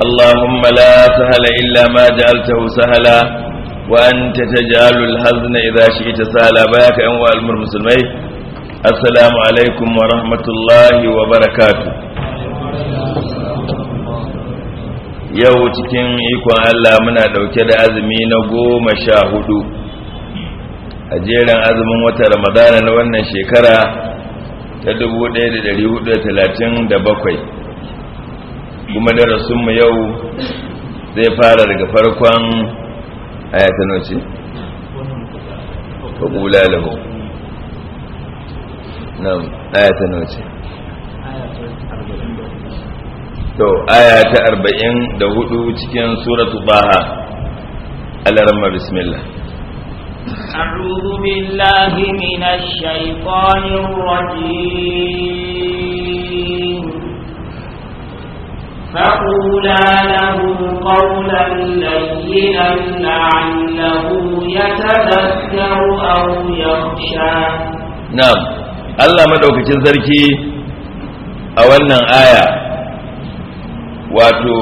اللهم لا سهل إلا ما جعلته سهلا وأنت تجعل الحزن إذا شئت سهلا بياك أنواع المسلمين السلام عليكم ورحمة الله وبركاته yau cikin ikon Allah muna ɗauke da azumi na goma sha hudu a jerin azumin wata ramadana na wannan shekara ta 1437 kuma darasinmu yau zai fara daga farkon ayatan wace faƙula lahu nan ayatan wace to ayata 44 arba'in da hudu cikin suratu baha alarma bismillah أعوذ بالله من الشيطان الرجيم فقولا له قولا لينا لعله يتذكر أو يخشى نعم الله مدعوكين سركي a wannan aya wato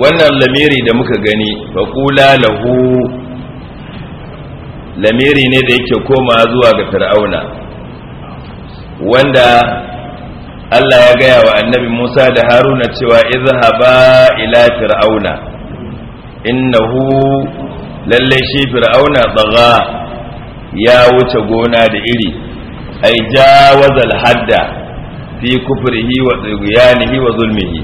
wannan lamiri da muka gani faƙula lahu lamiri ne da yake koma zuwa ga fir'auna wanda Allah ya gaya wa annabi Musa da Haruna cewa izhaba ila fir'auna innahu lalle shi fir'auna tsaga ya wuce gona da iri ai jawazal hadda fi kufrihi wa tsigiyanihi wa zulmihi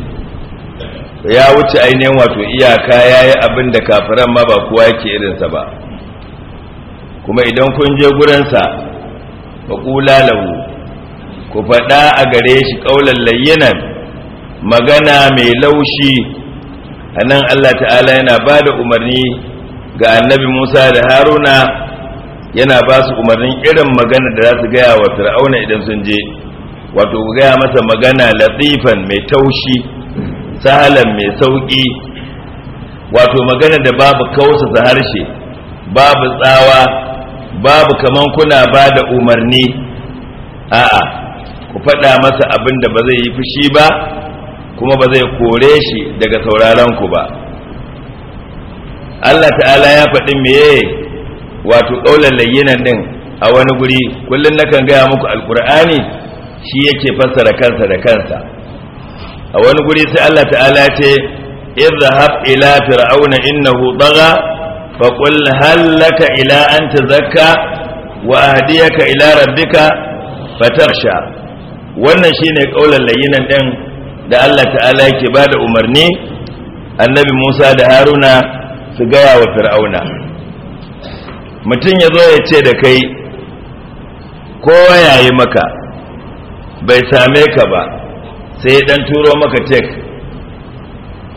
ya wuce ainihin wato iyaka yayi abin da kafiran ma ba kowa yake irinsa ba kuma idan kun je gurinsa ba kula lahu ku faɗa a gare shi ƙaunar layyanan magana mai laushi a nan Allah ta'ala yana ba da umarni ga annabi Musa da Haruna yana ba su umarnin irin magana da za su gaya wa fir'auna idan sun je wato ku gaya masa magana latifan mai taushi sahalan mai sauƙi wato magana da babu kausa harshe babu tsawa babu kaman kuna ba da umarni a'a ku faɗa masa abin da ba zai yi fushi ba kuma ba zai kore shi daga sauraron ku ba Allah ta'ala ya faɗi meye wato ƙaular layyinan ɗin? a wani guri kullum nakan gaya muku alkur'ani shi yake fassara kansa da kansa a wani guri sai Allah ta'ala ce izhab ila fir'auna innahu dagha qul hal laka ila an tazakka wa ahdiyaka ila rabbika fatakhsha wannan shine ƙaular layinan ɗin da Allah ta'ala yake ba da umarni annabi Musa da Haruna su gaya wa fir'auna mutum ya zo ya ce da kai kowa yayi maka bai same ka ba sai ya turo maka tek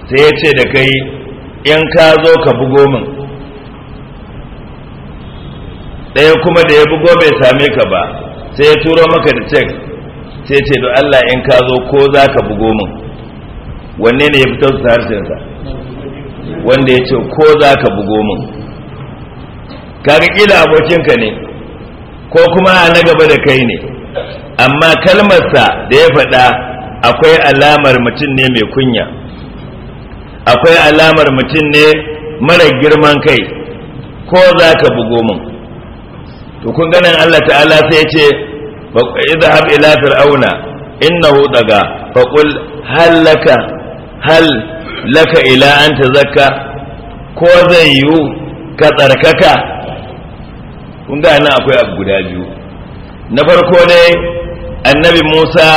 sai ya ce da kai in ka zo ka bugo min ɗaya kuma da ya bugo bai same ka ba sai ya turo maka da tek. sai ce do Allah in ka zo ko za ka bugo min wanne ne ya fito su harshensa wanda ya ce ko za ka bugo min kaga kila abokinka ne ko kuma a na gaba da kai ne amma kalmarsa da ya faɗa akwai alamar mutum ne mai kunya akwai alamar mutum ne mara girman kai ko za ka bugo min to kun ganin Allah ta'ala sai ya ce idhab ila fir'auna innahu daga faqul hal laka hal laka ila an tazakka ko zai yiwu ka tsarkaka kun ga akwai abu guda biyu na farko ne annabi Musa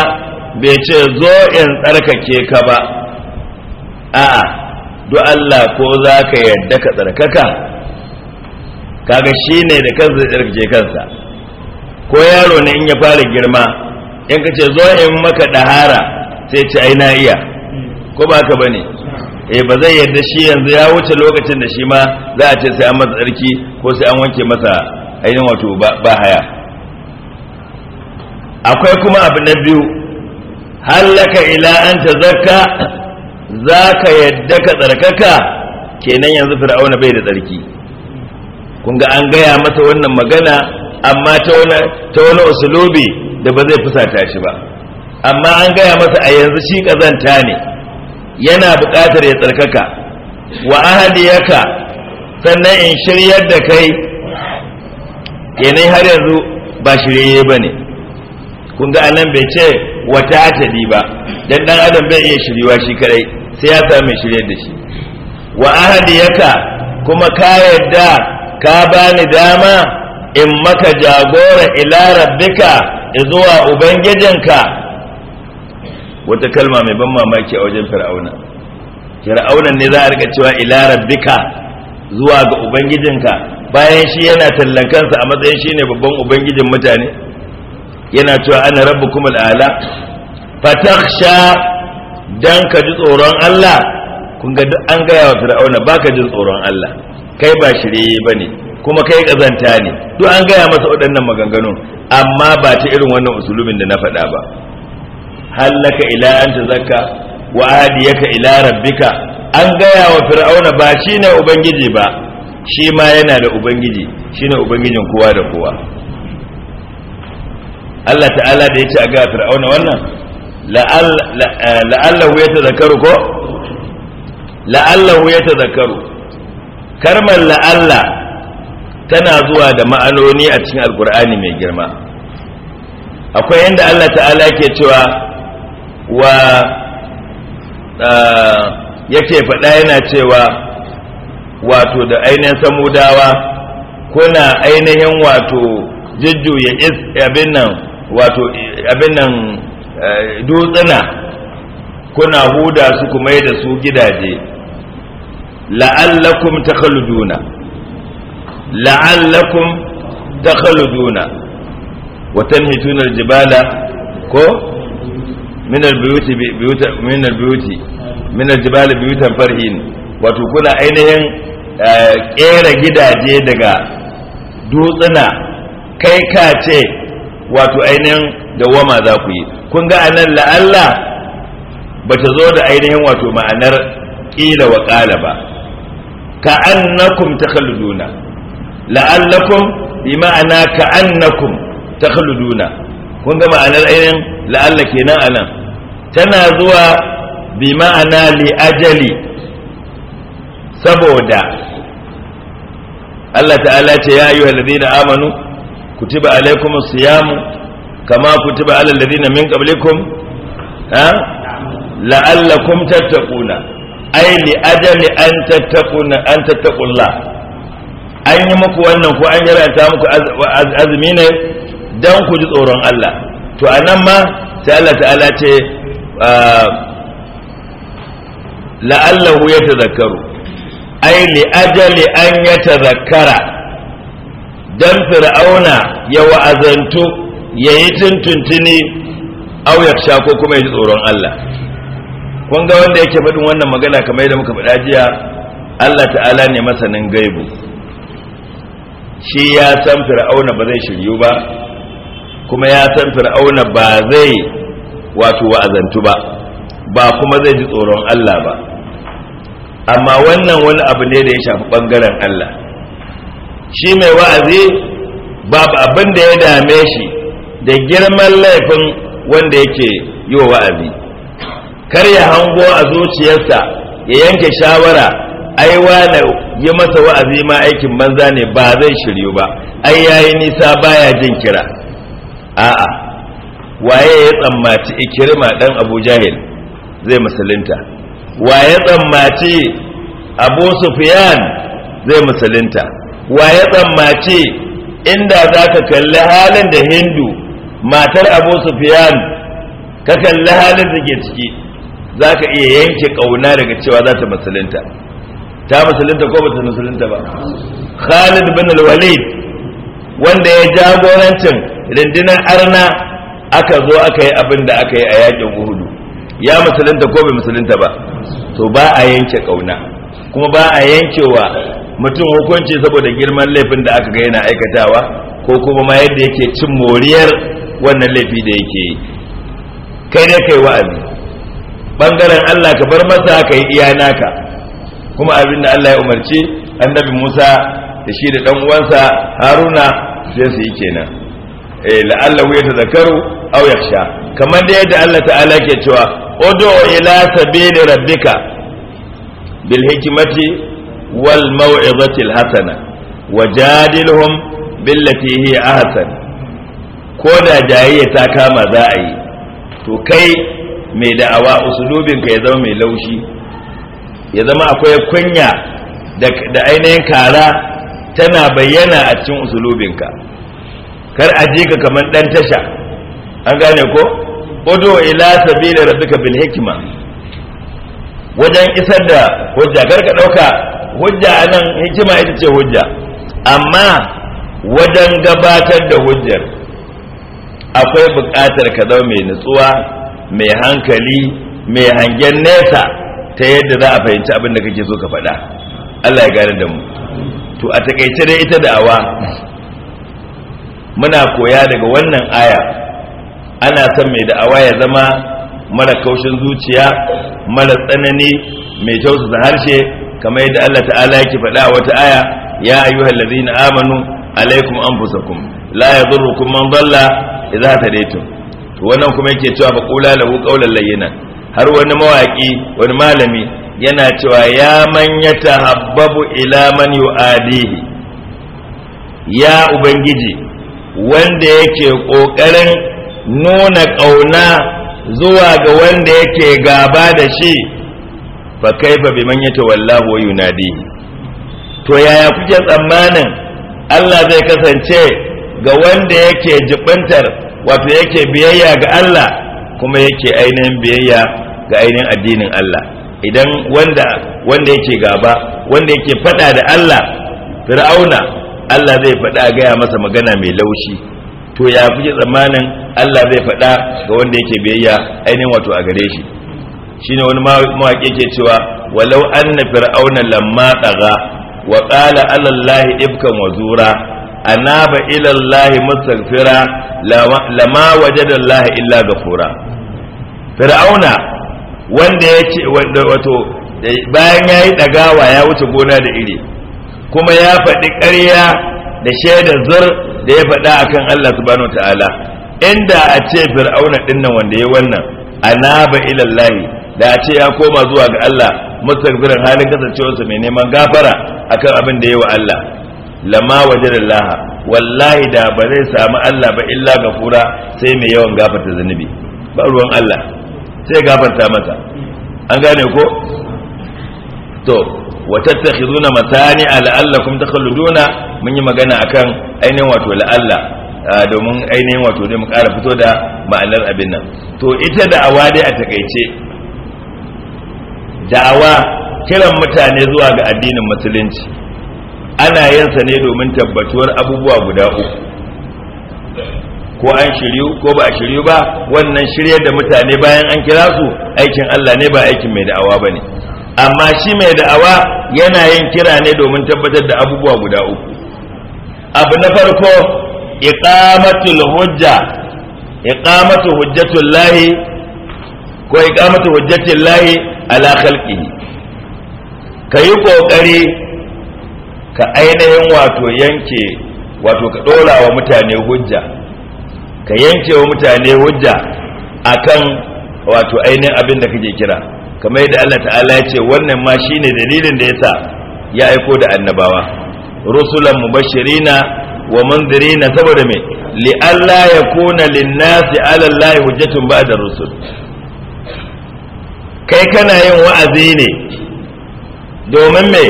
bai ce zo in tsarkake ka ba a'a duk Allah ko za ka yadda ka tsarkaka kaga ne da kansa tsarkake kansa ko yaro ne in ya fara girma in ka ce zo in maka dahara sai ce ai na iya ko ba ka bane eh ba zai yarda shi yanzu ya wuce lokacin da shi ma za a ce sai an masa tsarki ko sai an wanke masa ainihin wato ba haya akwai kuma abu na biyu hallaka ila an tazakka za ka yadda ka tsarkaka kenan yanzu fir'auna bai da tsarki kun ga an gaya masa wannan magana amma ta wani usulobi da ba zai fusata shi ba amma an gaya masa a yanzu shi kazanta ne yana buƙatar ya tsarkaka wa yaka sannan in shiryar da kai kenan har yanzu ba shirye ba ne kun ga anan bai ce wata atadi ba dan dan adam bai iya shiryuwa shi kadai sai ya samu shiryar da shi wa yaka kuma ka yadda ka bani dama in maka jagora ila rabbika zuwa ubangijinka wata kalma mai ban mamaki a wajen fir'auna fir'aunan ne za a rika cewa ila rabbika zuwa ga ubangijinka bayan shi yana tallan kansa a matsayin shi ne babban ubangijin mutane yana cewa ana kuma al'ala fatakhsha dan ka ji tsoron Allah kun ga an gaya wa fir'auna baka ji tsoron Allah kai ba shirye bane kuma kai kazanta ne to an gaya masa waɗannan maganganun amma ba ta irin wannan usulumin da na faɗa ba hallaka ila an tazakka wa ahdiyaka ila rabbika an gaya wa fir'auna ba shi ne ubangiji ba shi ma yana da ubangiji shi ne ubangijin kowa da kowa Allah ta'ala da yace a ga fir'auna wannan eh, la'allahu tazakkaru ko la'allahu tazakkaru karmar la'alla tana zuwa da ma'anoni a cikin alkur'ani mai girma akwai yadda allah ta'ala ke cewa wa yake faɗa yana cewa wato da ainihin samudawa kuna ainihin wato jujjuya abin nan wato abin nan dutsuna kuna huda su kuma da su gidaje la'allakum takhluduna la'allakum takhaluduna wa tanhituna aljibala ko min albiyuti min albiyuti min aljibali biyutan farhin wato kuna ainihin eh, kera gidaje daga dutsuna kai ka ce wato ainihin dawama za ku yi kun ga anan la'alla ba ta zo da ainihin wato ma'anar ƙila wa ƙala ba ka annakum takhalluduna La'allakun bi ma'ana ka'annakum takhluduna kun ga ma'anar ainin la'alla kenan anan tana zuwa bi ma'ana li ajali saboda Allah ta'ala ce ya wa ladina amanu ku kutiba alaikumus siyamu kama ku kutiba alal ladina min qablikum ha la'allakum tattaquna ay li ajali an tattaquna an an yi muku wannan ko an yaranta muku azumi ne don ku ji tsoron Allah to a nan ma sai Allah ta'ala ce ah, la'allahu yatazakkaru ai li ajali an yatazakkara don fir'auna ya wa'azantu ya yi tuntuntuni auyar sha ko kuma ya ji tsoron Allah kun ga wanda yake faɗin wannan magana kamar yadda muka faɗa jiya Allah ta'ala ne masanin gaibu shi ya san fir'auna ba zai shiryu ba kuma ya san fir'auna ba zai wato wa'azantu ba ba kuma zai ji tsoron Allah ba amma wannan wani abu ne da ya shafi bangaren Allah shi mai wa'azi babu abin da ya dame shi da girman laifin wanda yake yi wa wa'azi kar ya hango a zuciyarsa ya yanke shawara ai wane yi masa wa'azi ma aikin banza ne ba zai shiryu ba ai yayi nisa baya jin kira a'a waye ya tsammaci ikirma dan abu jahil zai musulunta waye tsammaci abu sufyan zai musulunta waye tsammaci inda za ka kalli halin da hindu matar abu sufyan ka kalli halin da ke ciki za ka iya yanke ƙauna daga cewa za ta musulunta ta musulunta ko ba ta musulunta ba khalid bin al-walid wanda ya jagorancin rundunar arna aka zo aka yi abin da aka yi a yakin uhudu ya musulunta ko bai musulunta ba to ba a yanke kauna kuma ba a yankewa mutum hukunci saboda girman laifin da aka ga yana aikatawa ko kuma ma yadda yake cin moriyar wannan laifi da yake yi kai dai kai wa'azi bangaren Allah ka bar masa ka yi iya naka kuma abin da Allah ya umarci annabi Musa da shi da ɗan uwansa Haruna sai su yi kenan eh la'allahu yatazakkaru aw yakhsha kamar da yadda Allah ta'ala ke cewa ud'u ila sabili rabbika bil hikmati wal maw'izati al hasana wajadilhum billati hiya ahsan ko da jayayya ta kama za a yi to kai mai da'awa usulubinka ya zama mai laushi ya zama akwai kunya da ainihin kara tana bayyana a cikin usulubinka kar a ji ka kamar ɗan tasha an gane ko udu ila sabila rabbika bil hikma wajen isar da hujja kar ka dauka hujja nan, hikima ita ce hujja amma wajen gabatar da hujjar akwai buƙatar ka zama mai nutsuwa mai hankali mai hangen nesa ta yadda za a fahimci abin da kake so ka faɗa Allah ya gane da mu to a takaice dai ita awa, muna koya daga wannan aya ana son mai da'awa ya zama mara kaushin zuciya mara tsanani mai tausasa harshe kamar yadda Allah ta'ala yake faɗa wata aya ya ayyuhal ladzina amanu alaikum anfusakum la yadurrukum man dalla idza hadaytum wannan kuma yake cewa faqula lahu qawlan layyinan har wani mawaki wani malami yana cewa ya man ta habbabu ila man yu'adihi ya ubangiji wanda yake ƙoƙarin nuna ƙauna zuwa ga wanda yake gaba da shi fa kaifa biman yatawallahu wallahu yunadihi to yaya kuke tsammanin Allah zai kasance ga wanda yake jibantar wato yake biyayya ga Allah kuma yake ainihin biyayya ga ainihin addinin Allah idan wanda wanda yake gaba wanda yake fada da Allah fir'auna Allah zai fada gaya masa magana mai laushi to ya fiye tsammanin Allah zai fada ga wanda yake biyayya ainihin wato a gare shi shine wani mawaƙi ke cewa walau anna fir'auna lamma ɗaga, wa qala ala ibkan wa zura anaba ila allahi mustaghfira lama wajada allahi illa ghafura fir'auna wanda ya ce wato bayan ya yi ɗagawa ya wuce gona da iri kuma ya faɗi ƙarya da shaidar zur da ya faɗa akan Allah subhanahu ta'ala inda a ce fir'auna ɗinnan wanda ya wannan ba ilallahi da a ce ya koma zuwa ga Allah mustaghfirin halin kasancewarsa mai neman gafara akan abin da ya wa Allah lama da laha wallahi da ba zai samu Allah ba illa ga gafura sai mai yawan gafarta zunubi ba ruwan Allah sai gafarta masa an gane ko to wa tattakhizuna matani la'allakum takhluduna mun yi magana akan ainihin wato la'alla domin ainihin wato ne mu kara fito da ma'anar abin nan to ita da'awa dai a takaice da'awa kiran mutane zuwa ga addinin musulunci ana yin ne domin tabbatuwar abubuwa guda uku ko an shiryu ko ba a shiryu ba wannan shiryar da mutane bayan an kira su aikin Allah ne ba aikin mai da'awa ba ne amma shi mai da'awa yana yin kira ne domin tabbatar da abubuwa guda uku abu na farko iqamatul hujja iqamatu ko iqamatu hujjatil ala khalqihi kayi kokari ka ainihin wato yanke wato ka dora wa mutane hujja ka yanke wa mutane hujja kan wato ainihin abin da kake kira kamar yadda Allah ta'ala ya ce wannan ma shine dalilin da ya sa ya aiko da annabawa rusulan bashirina wa mundirina saboda me li alla yakuna linnasi 'ala Allahi hujjatun ba'da rusul kai kana yin wa'azi ne domin me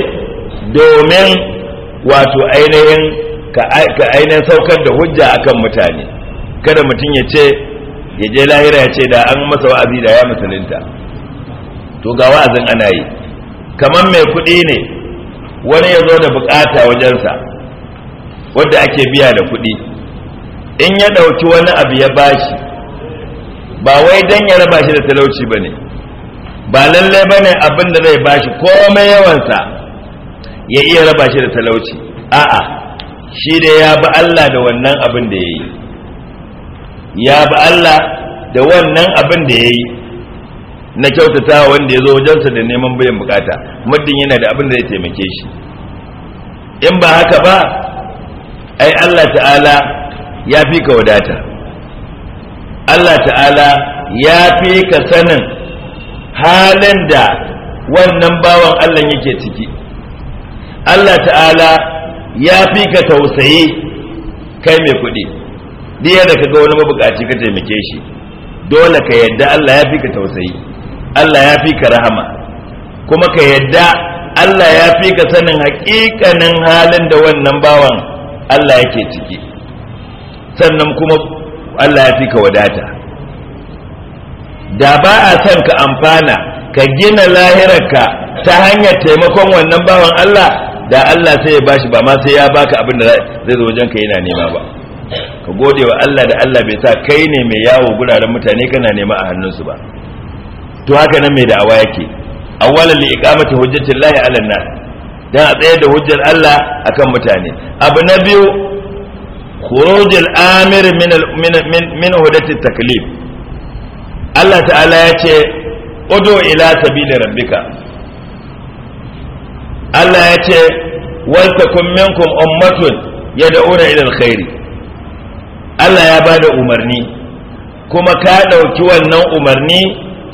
domin wato ainihin ka ainihin saukar da hujja akan mutane kada mutum ya ce ya je lahira ya ce da an masa wa'azi da ya musulunta to ga wa'azin ana yi kamar mai kuɗi ne wani ya zo da bukata wajensa wadda ake biya da kuɗi in ya ɗauki wani abu ya bashi ba wai don ya raba shi da talauci ba ne ba lallai ba ne abin da zai bashi komai yawansa ya iya raba shi da talauci a'a shi da ya bi Allah da wannan abin da ya yi ya bi Allah da wannan abin da ya yi na kyautata wanda ya zo wajensa da neman bayan bukata muddin yana da abin da ya taimake shi in ba haka ba ai Allah ta'ala ya fi ka wadata Allah ta'ala ya fi ka sanin halin da wannan bawan Allah yake ciki Allah ta'ala ya fi ka tausayi kai mai kuɗi duk yadda ka ga wani mabukaci ka taimake shi dole ka yadda Allah ya fi ka tausayi Allah ya fi ka rahama kuma ka yadda Allah ya fi ka sanin hakikanin halin da wannan bawan Allah yake ciki sannan kuma Allah ya fi ka wadata da ba a son ka amfana ka gina lahirarka ta hanyar taimakon wannan bawan Allah da Allah sai ya bashi ba ma sai ya baka abin da zai zo wajen ka yana nema ba ka gode wa Allah da Allah bai sa kai ne mai yawo guraren mutane kana nema a hannunsu ba to haka nan mai da'awa yake awwalan li iqamati hujjatillahi 'ala nas dan a tsayar da hujjar Allah akan mutane abu na biyu khuruj al-amir min min min hudati taklif Allah ta'ala ya ce udu ila sabili rabbika Allah ya ce wal takum minkum ummatun yad'una ila al-khairi Allah ya ba da umarni kuma ka ɗauki wannan umarni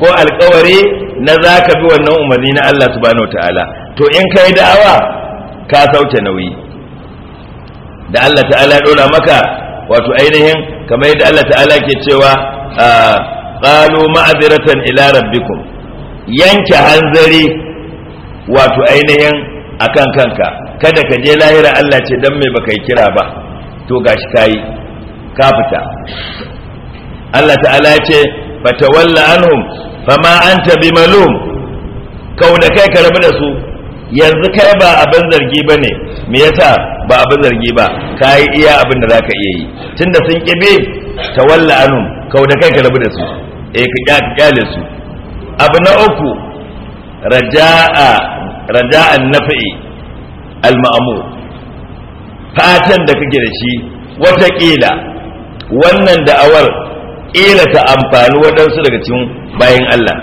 ko alkawari na za ka bi wannan umarni na Allah subhanahu ta'ala to in ka yi da'awa ka sauke nauyi da Allah ta'ala ɗora maka wato ainihin kamar yadda Allah ta'ala ke cewa qalu ma'aziratan ila rabbikum yanke hanzari wato ainihin akan kanka kada ka je lahira Allah ce dan me baka yi kira ba to gashi kayi ka fita Allah ta'ala ya ce fatawalla anhum fama anta bimalum kau da kai ka da su yanzu kai ba abin zargi ba ne me yasa ba abin zargi ba ka yi iya abin da zaka iya yi tunda sun kibe tawalla anhum kau da kai ka da su eh ka kyale su abu na uku raja'a raja'an nafi'i al-ma'mur fatan da kake da shi watakila wannan da'awar ƙila ta amfani waɗansu daga cikin bayan Allah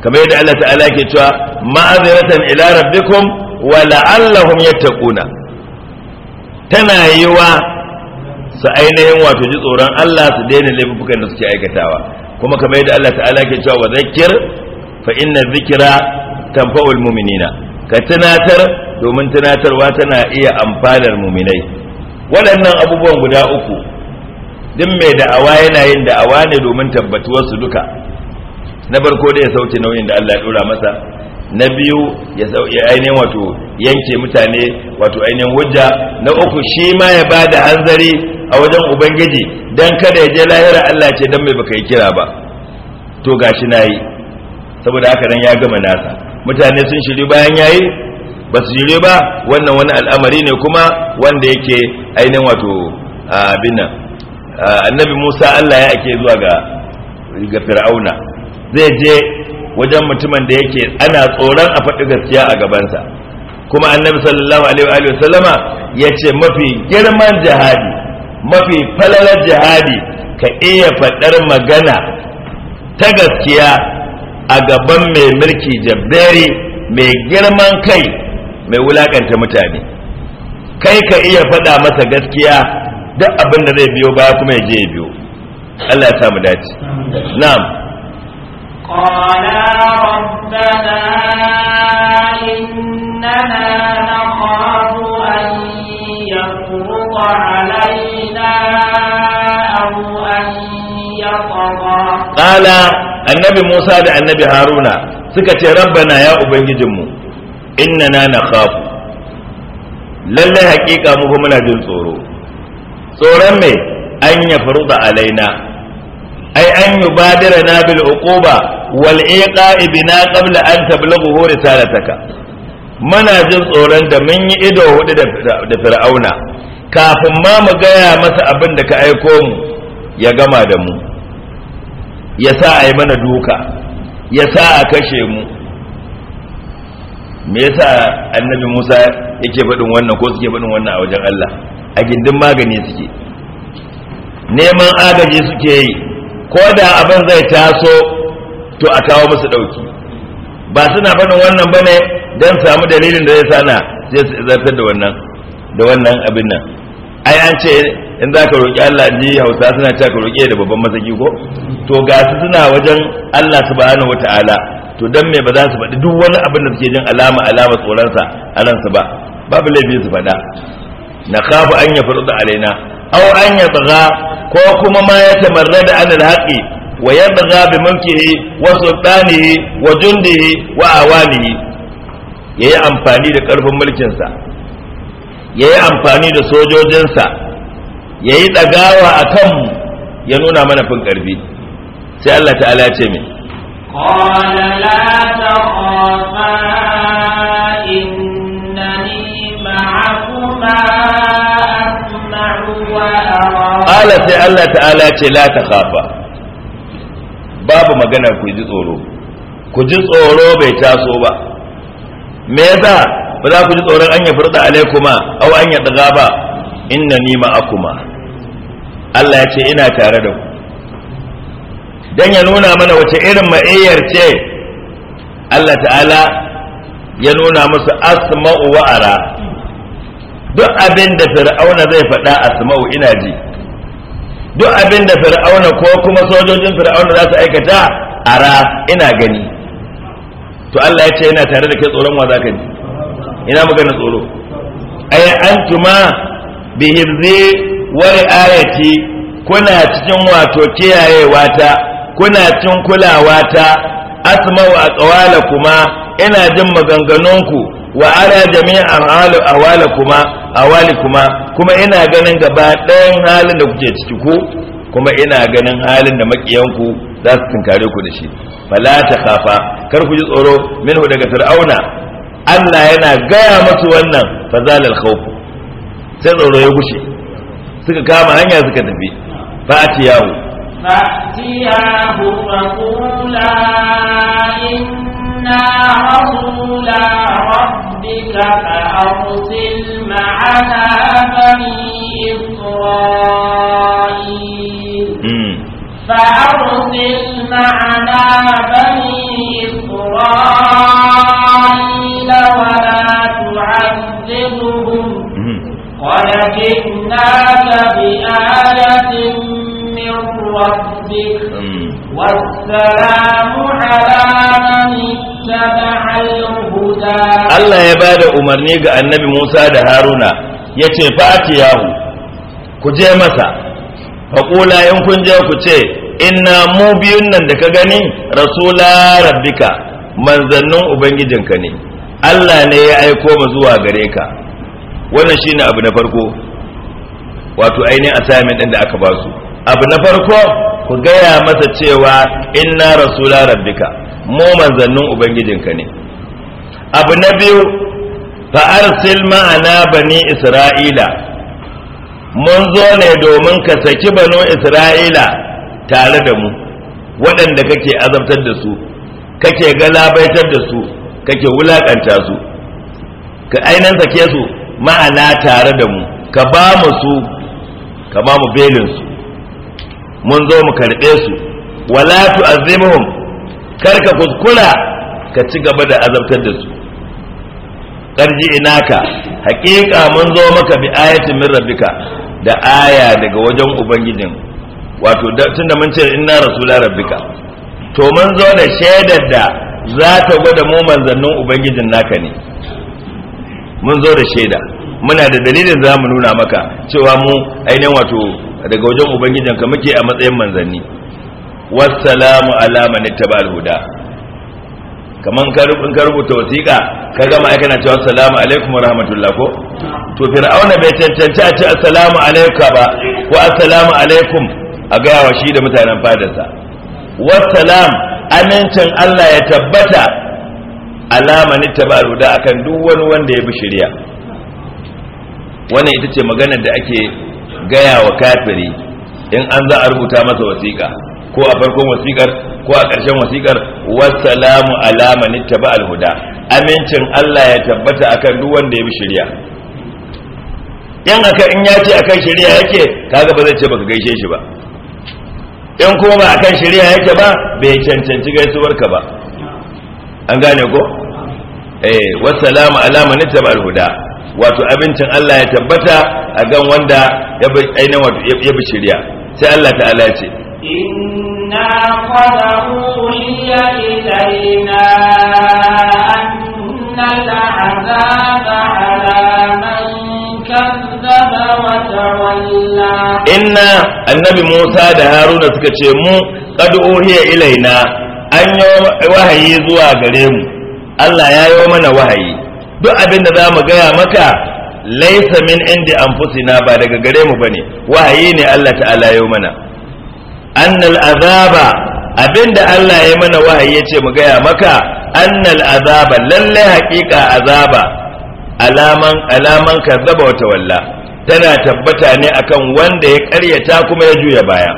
kamar yadda Allah ta'ala ke cewa ma'azratan ila rabbikum wa la'allahum yattaquna tana yiwa su ainihin wato ji tsoron Allah su daina laifukan da suke aikatawa kuma kamar yadda Allah ta'ala ke cewa wa zakkir fa inna dhikra tanfa'ul mu'minina ka tunatar domin tunatarwa tana iya amfanar mu'minai waɗannan abubuwan guda uku duk mai da'awa yana yin da'awa ne domin tabbatuwar su duka na farko da ya sauke nauyin da Allah ya dora masa na biyu ya ainihin wato yanke mutane wato ainihin hujja na uku shi ma ya ba da hanzari a wajen ubangiji don kada ya je lahira Allah ce don mai baka yi kira ba to gashi na yi saboda haka nan ya gama nasa mutane sun shiri bayan yayi ba su shiri ba wannan wani al'amari ne kuma wanda yake ainihin wato abin nan Eh, annabi musa allah ya ake zuwa ga ga fir'auna zai je wajen mutumin da yake ana tsoron a faɗi gaskiya a gabansa kuma annabi sallallahu alaihi wa sallama ya ce mafi girman jihadi mafi falalar jihadi ka iya faɗar magana ta gaskiya a gaban mai mulki jabberi mai girman kai mai wulakanta mutane kai ka iya faɗa masa gaskiya duk abin da zai biyo ba kuma ya je ya biyo Allah ya samu dace na'am qala rabbana innana nakhafu an yafruqa alaina aw an yatgha qala annabi Musa da annabi Haruna suka ce rabbana ya ubangijinmu innana nakhafu lallai haƙiƙa mu muna jin tsoro tsoron mai an ya da alaina ai an yi badira na bil uquba wal iqa ibna qabla an tablughu risalataka muna jin tsoron da mun yi ido hudu da fir'auna kafin ma mu gaya masa abin da ka aiko mu ya gama da mu ya sa a mana duka ya sa a kashe mu me yasa annabi Musa yake faɗin wannan ko suke faɗin wannan a wajen Allah a gindin magani suke neman agaji suke yi ko da abin zai taso to a kawo musu ɗauki ba suna faɗin wannan ba ne don samu dalilin da zai sana sai su zartar da wannan da wannan abin nan ai an ce in za ka roƙi Allah ji hausa suna ta ka roƙe da babban masaki ko to ga su suna wajen Allah subhanahu wataala to dan me ba za su faɗi duk wani abin da suke jin alama alama tsoronsa a ransu ba babu laifi su faɗa na kafa an ya alaina aw an ya tsaga ko kuma ma ya da an alhaqi wa yabgha bi mulkihi wa sultanihi wa jundihi wa awanihi yayi amfani da karfin mulkin sa yayi amfani da sojojinsa yayi dagawa akan ya nuna mana fin karfi sai Allah ta'ala ya ce min qala la takhafan sai Allah Ta'ala ce la ta khafa babu magana ku ji tsoro ku ji tsoro bai taso ba me yasa ba za ku ji tsoron an ya furta alaikuma au an ya daga ba inna ni ma'akuma Allah ya ce ina tare da ku dan ya nuna mana wace irin ma'iyyar ce Allah ta'ala ya nuna musu asma'u wa'ara duk abin da fir'auna zai faɗa sama'u ina ji duk abin da fir'auna ko kuma sojojin fir'auna za su aikata ara ina gani to Allah ya ce yana tare da kai tsoron wa zaka ji ina magana tsoro ay antuma bi wa ayati kuna cikin wato kiyayewa ta kuna cikin kulawa ta asma'u tsawala kuma ina jin maganganunku wa ala jami'a ahwala kuma awali kuma kuma ina ganin gaba ɗayan halin da kuke ciki ko kuma ina ganin halin da makiyanku za su tunkare ku da shi fala ta kafa kar ku ji tsoro minhu daga fir'auna Allah yana gaya musu wannan fazal al-khawf sai tsoro ya gushe suka kama hanya suka tafi fa atiyahu fa atiyahu raqula إِنَّا رَسُولَا رَبِّكَ فَأَرْسِلْ مَعَنَا بَنِي إِسْرَائِيلَ فَأَرْسِلْ مَعَنَا بَنِي إِسْرَائِيلَ وَلَا تُعَذِّبْهُمْ قَدْ جِئْنَاكَ بِآيَةٍ مِّن رَّبِّكَ والسلام على من Allah ya ba da umarni ga annabi Musa da Haruna ya ce fa'ati yahu ku je masa faƙula in kun je ku ce inna mu biyun nan da ka gani rasula rabbika manzannin ubangijinka ne Allah ne ya aiko mu zuwa gare ka wannan shine abu na farko wato ainihin assignment ɗin da aka ba su abu na farko ku gaya masa cewa inna rasula rabbika mu manzannin ubangijinka ne abu na biyu fa arsil ma'ana bani isra'ila mun zo ne domin ka saki bano isra'ila tare da mu waɗanda kake azabtar da su kake galabaitar da su kake wulakanta su ka ainihin sake su ma'ana tare da mu ka ba mu su ka ba mu belin mun zo mu karɓe su wala tu'azzimuhum karka kuskura ka ci gaba da azabtar da su karji inaka haƙiƙa mun zo maka bi ayatin min rabbika da aya daga wajen ubangijin wato tunda mun ce inna rasula rabbika to mun zo da shaidar da za ta gwada mu manzannin ubangijin naka ne mun zo da shaida muna da dalilin za mu nuna maka cewa mu ainihin wato daga wajen ubangijinka muke a matsayin manzanni wassalamu ala man ittaba'al huda kaman in ka rubuta wasiƙa ka gama ai kana cewa assalamu alaikum wa rahmatullah ko to fir'auna bai cancanci a ce assalamu alaikum ba ko assalamu alaikum a gaya wa shi da mutanen fadarsa wassalam amincin Allah ya tabbata alama ni tabaru da akan duk wani wanda ya bi shari'a wannan ita ce maganar da ake gaya wa kafiri in an za a rubuta masa wasiƙa ko a farkon wasikar ko a ƙarshen wasikar wasalamu alama ittaba alhuda amincin Allah ya tabbata akan duk wanda ya bi shari'a yan aka in ya ce akan shari'a yake kaga ba zai ce baka gaishe shi ba in kuma ba akan shari'a yake ba bai cancanci gaisuwar ka ba an gane ko eh wasalamu alama ittaba alhuda wato abincin Allah ya tabbata a gan wanda ya bi ainihin wato ya bi shari'a sai Allah ta'ala ya ce إنا annabi musa da Haruna suka ce mu qad uhiya ilaina an yi wahayi zuwa gare mu Allah ya yi mana wahayi duk abin da za mu gaya maka laisa min inda anfusina ba daga gare mu ne, wahayi ne Allah ta'ala ya mana annal azaba abinda Allah ya mana wahayi ya ce mu gaya maka annal azaba lallai haƙiƙa azaba alaman alaman kazzaba wa tawalla tana tabbata ne akan wanda ya ƙaryata kuma ya juya baya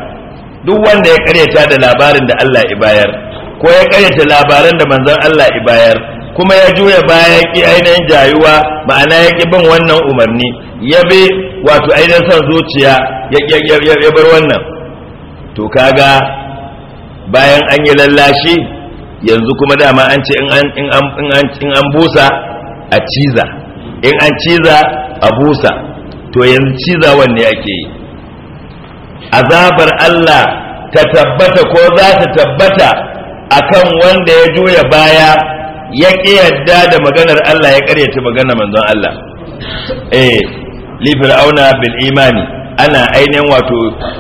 duk wanda ya ƙaryata da labarin da Allah ya bayar ko ya ƙaryata labaran da manzon Allah ya bayar kuma ya juya baya ya ƙi ainihin jayuwa ma'ana ya ƙi bin wannan umarni ya bi wato ainihin son zuciya ya bar wannan to kaga bayan an yi lallashi yanzu kuma dama an ce in an busa a ciza in an ciza a busa to yanzu ciza wanne ake yi azabar Allah ta tabbata ko za ta tabbata akan wanda ya juya baya ya yadda da maganar Allah ya ƙaryata magana manzon Allah eh li fir'auna bil imani ana ainihin wato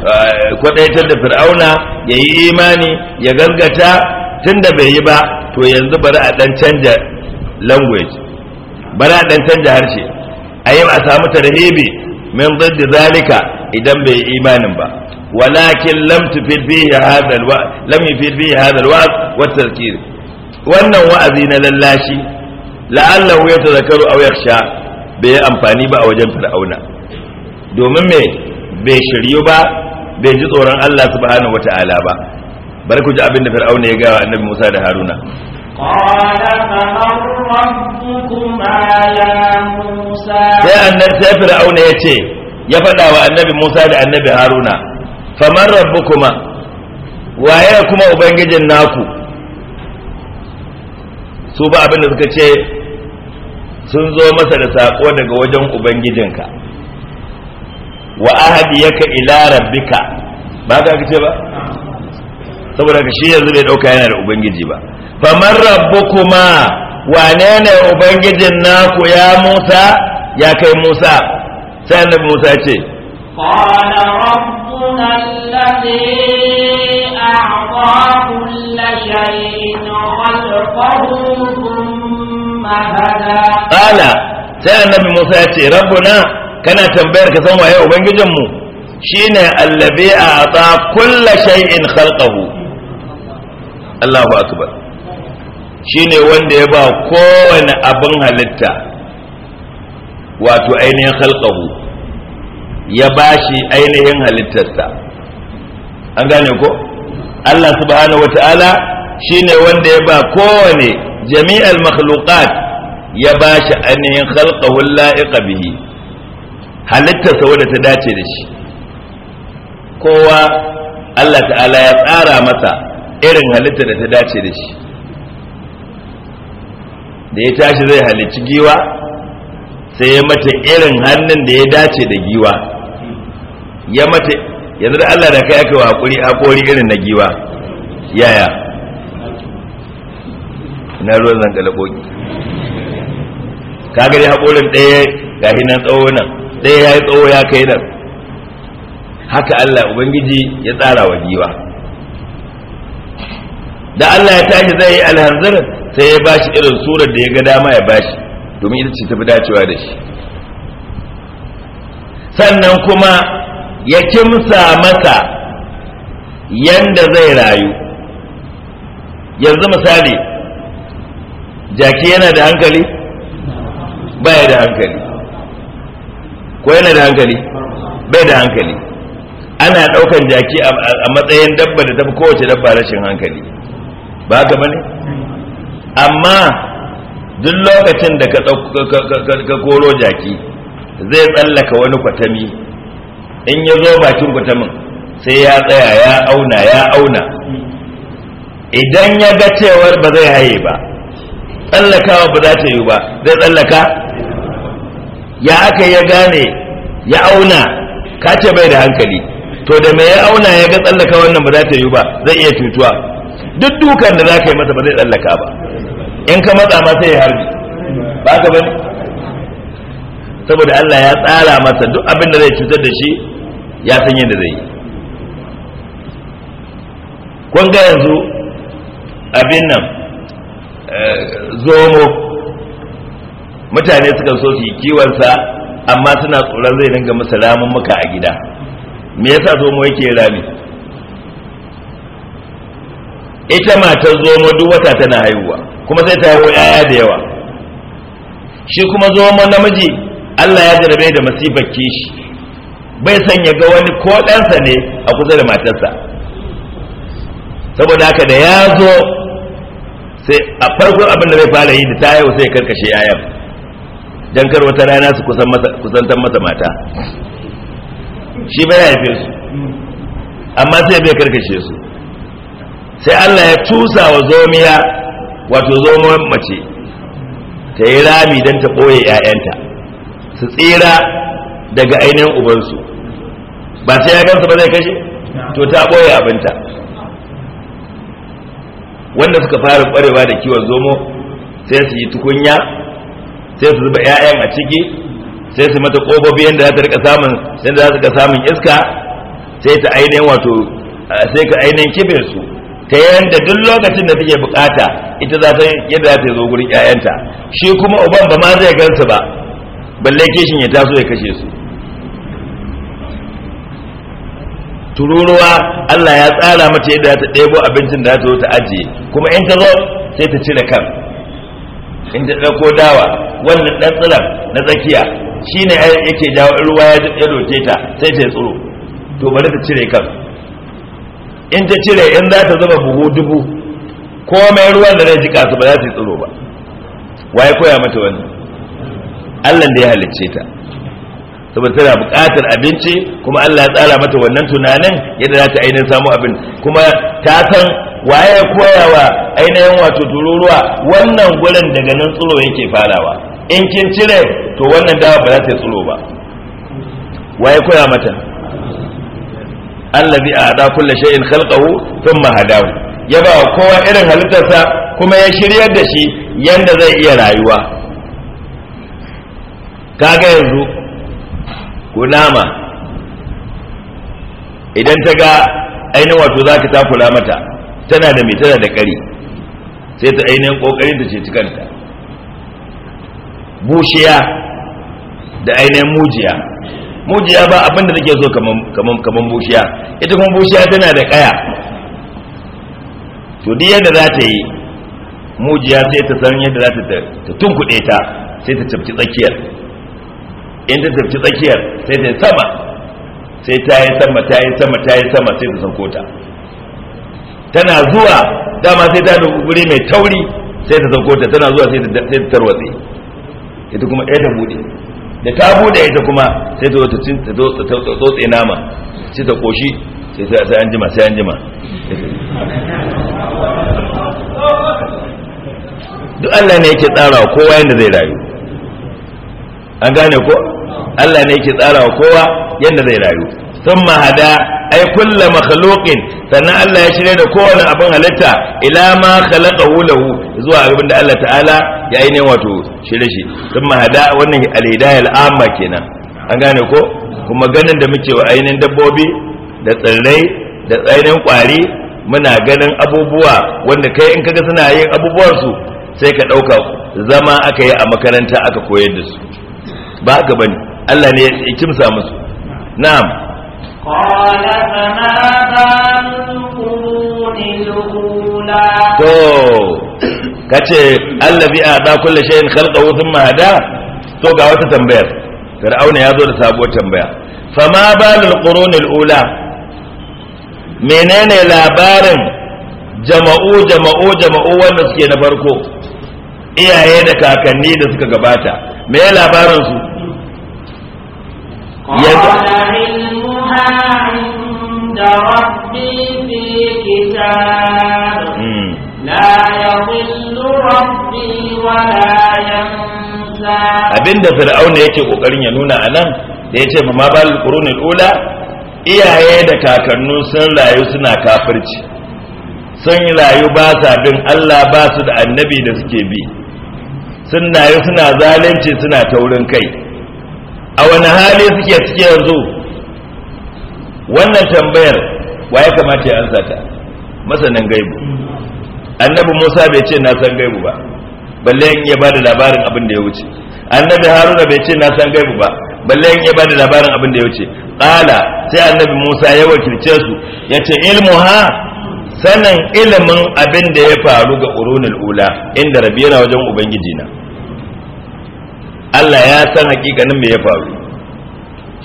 eh, kwadaitar da fir'auna ya yi imani ya gargata tun da bai yi ba to yanzu bari a dan canja language bari a dan canja harshe a yi a samu tarhibi min da zalika idan bai yi imanin ba walakin lam tufid fihi hadha wa lam yufid fihi hadha wa wa tadhkir wannan wa'azi na lallashi la'allahu yatazakkaru aw yakhsha bai amfani ba a wajen fir'auna domin me bai shiryu ba bai ji tsoron Allah subhanahu wata'ala ba bari ku ji abin da fir'auna ya gawa annabi Musa da Haruna musa. sai annabi sai fir'auna ya ce ya faɗa wa annabi Musa da annabi Haruna faman rabbukuma waye kuma ubangijin naku su ba abin da suka ce sun zo masa da saƙo daga wajen ubangijinka wa ahdiyaka ila rabbika ba ka kace ba saboda ka shi yanzu bai dauka yana da ubangiji ba faman rabbukuma wane ne ubangijin naku ya Musa ya kai Musa sai annabi Musa ce qala rabbuna alladhi a'ta kulla shay'in khalqahu thumma hada qala sai annabi Musa ya ce rabbuna kana tambayar ka san waye ubangijinmu shine allabi a ta kulla shay'in khalqahu Allahu akbar shine wanda ya ba kowane abin halitta wato ainihin khalqahu ya ba shi ainihin halittarsa an gane ko Allah subhanahu wata'ala shine wanda ya ba kowane jami'al makhluqat ya ba shi ainihin khalqahu la'iqa bihi halittarsa wadda ta dace da shi kowa Allah ta'ala ya tsara masa irin halittar da ta dace da shi da ya tashi zai halicci giwa sai ya mata irin hannun da ya dace da giwa ya mata yanzu da Allah da kai aka wa hakuri kori irin na giwa yaya na ruwan zangalaboki kagari dai hakorin ɗaya ga hinan tsawo nan ɗaya ya yi tsawo ya kai nan haka Allah ubangiji ya tsara wa giwa da Allah ya tashi zai yi alhanzar sai ya bashi irin surar da ya ga dama ya bashi domin ita ce tafi dacewa da shi sannan kuma ya kimsa masa yanda zai rayu yanzu misali jaki yana da hankali baya da hankali ko yana da hankali bai da hankali ana daukan jaki a matsayin dabba da tafi kowace dabba rashin hankali ba haka bane amma duk lokacin da ka koro jaki zai tsallaka wani kwatami in ya zo bakin kwatamin sai ya tsaya ya auna ya auna idan ya ga cewar ba zai haye ba tsallakawa ba za ta yi ba zai tsallaka ya aka ya gane ya auna ka ce bai da hankali to da mai ya auna ya ga tsallaka wannan ba za ta yi ba zai iya cutuwa duk dukan da za ka yi masa ba zai tsallaka ba in ka matsa ma sai ya harbi ba ka bane saboda Allah ya tsara masa duk abin da zai cutar da shi ya san yadda zai yi kun ga yanzu abin nan eh, zomo mutane suka so su yi kiwonsa amma suna tsoron zai dinga musu ramin muka a gida me yasa zomo yake rami ita matar zomo duk wata tana haihuwa kuma sai ta haihu 'ya'ya da yawa shi kuma zomo namiji Allah ya jarabe da masifar kishi bai san ya ga wani ko ɗansa ne a kusa da matarsa saboda haka da ya zo sai a farko abin da zai fara yi da ta haihu sai karkashe yayan don kar wata rana su kusantar masa mata shi bai haife su amma sai bai karkashe su sai Allah ya tusa wa zomiya wato zomo mace ta yi rami don ta ɓoye 'ya'yanta su tsira daga ainihin ubansu ba sai ya gansu ba zai kashe to ta ɓoye abinta wanda suka fara ƙwarewa da kiwon zomo sai su yi tukunya sai su zuba 'ya'yan a ciki sai su mata ƙofofi yadda za ta rika samun yadda za su ka samun iska sai ta ainihin wato sai ka ainihin su ta yadda duk lokacin da take bukata ita za ta yadda za ta zo gurin 'ya'yanta shi kuma uban ba ma zai gansu ba balle kishin ya taso ya kashe su tururuwa Allah ya tsara mata yadda ta ɗebo abincin da ta zo ta ajiye kuma in ta zo sai ta cire kan in ta ɗauko dawa wannan ɗan tsiran na tsakiya shi ne yake jawo ruwa ya doke ta sai ta tsoro to bari ta cire kan in ta cire in za ta zama buhu dubu mai ruwan da zai jika su ba za su yi tsoro ba waye koya mata wannan allah da ya halicce ta saboda tana buƙatar abinci kuma allah ya tsara mata wannan tunanin yadda za ta ainihin samu abin kuma ta san waye wa ainihin wato tururuwa wannan gurin daga nan tsiro yake farawa in kin cire to wannan dawa ba za ta tsiro ba waye koya mata allazi a'da kulli shay'in khalqahu thumma hadahu ya ba kowa irin halittarsa kuma ya shiryar da shi yanda zai iya rayuwa kaga yanzu kunama idan ta ga ainihin wato za ka kula mata tana da mai tana da kari sai ta ainihin kokarin ta ceci kanta bushiya da ainihin mujiya mujiya ba abin da take so kaman bushiya ita kuma bushiya tana da kaya to duk yadda za ta yi mujiya sai ta san yadda za ta tunkuɗe ta sai ta tafci tsakiyar in ta tafci tsakiyar sai ta yi sama sai ta yi sama ta yi sama ta yi sama sai ta sauko ta tana zuwa dama sai ta nufi guri mai tauri sai ta sauko ta tana zuwa sai ta tarwatse ita kuma ɗaya ta buɗe da ta buɗe ita kuma sai ta zo ta tsotse nama sai ta koshi sai an jima sai an jima duk Allah ne yake tsara kowa yadda zai rayu an gane ko Allah ne yake tsara kowa yadda zai rayu sun mahada ai kulle makhluqin sannan Allah ya shirya da kowane abin halitta ila ma khalaqa lahu zuwa abin da Allah ta'ala ya yi ne wato shirye shi sun mahada wannan al-hidayah amma kenan an gane ko kuma ganin da muke wa ainin dabbobi da tsirrai da tsainin kwari muna ganin abubuwa wanda kai in kaga suna yin abubuwan su sai ka dauka zama aka yi a makaranta aka koyar da su ba ka bane Allah ne ya kimsa musu na'am قال فما بال القرون الأولى kace allabi a da kullu shay'in wa thumma hada to ga wata tambayar fir'auna ya zo da sabuwar tambaya ma balul qurun ula menene labarin jama'u jama'u jama'u wanda suke na farko iyaye da kakanni da suka gabata me labarin su yanzu عند ربي في كتاب لا يضل ربي ولا ينسى abinda fir'auna yake kokarin ya nuna anan da yace ma ma bal qurunul ula iyaye da kakannu sun rayu suna kafirci sun rayu ba sa bin Allah ba su da annabi da suke bi sun rayu suna zalunci suna taurin kai a wani hali suke ciki yanzu wannan tambayar wa ya kamata ya ansa ta masanin gaibu annabi musa bai ce na san gaibu ba balle in ya bada labarin abin da ya wuce annabi haruna bai ce na san gaibu ba balle in ya bada labarin abin da ya wuce qala sai annabi musa ya wakilce su yace ha sanin ilimin abin da ya faru ga urunul ula inda rabi yana wajen ubangiji na Allah ya san hakikanin me ya faru